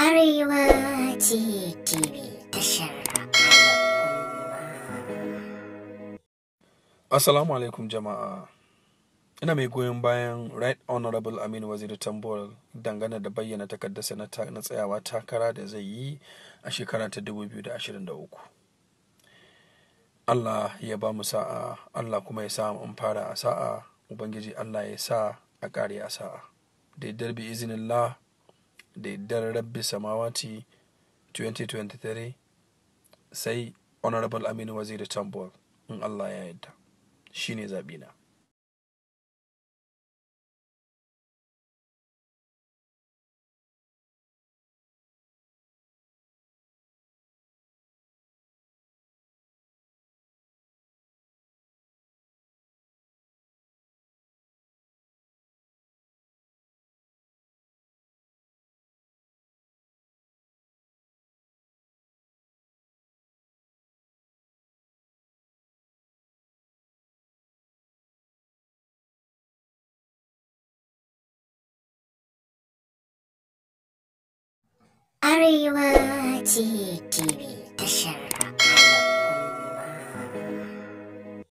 Arewa alaikum jama'a. Ina mai goyon bayan Right Honorable Aminu Waziri Tambol dangane da bayyana takardarsa na tsayawa takara da zai yi a shekara ta 2023. Allah ya ba mu sa'a, Allah kuma ya sa mu fara a sa'a, Ubangiji Allah ya sa a ƙare a sa'a. Da izinin Allah da yaddar rabbi samawati 2023 sai honorable aminu waziri tambol in allah ya yadda shine zabina あるいは地域に出しゃ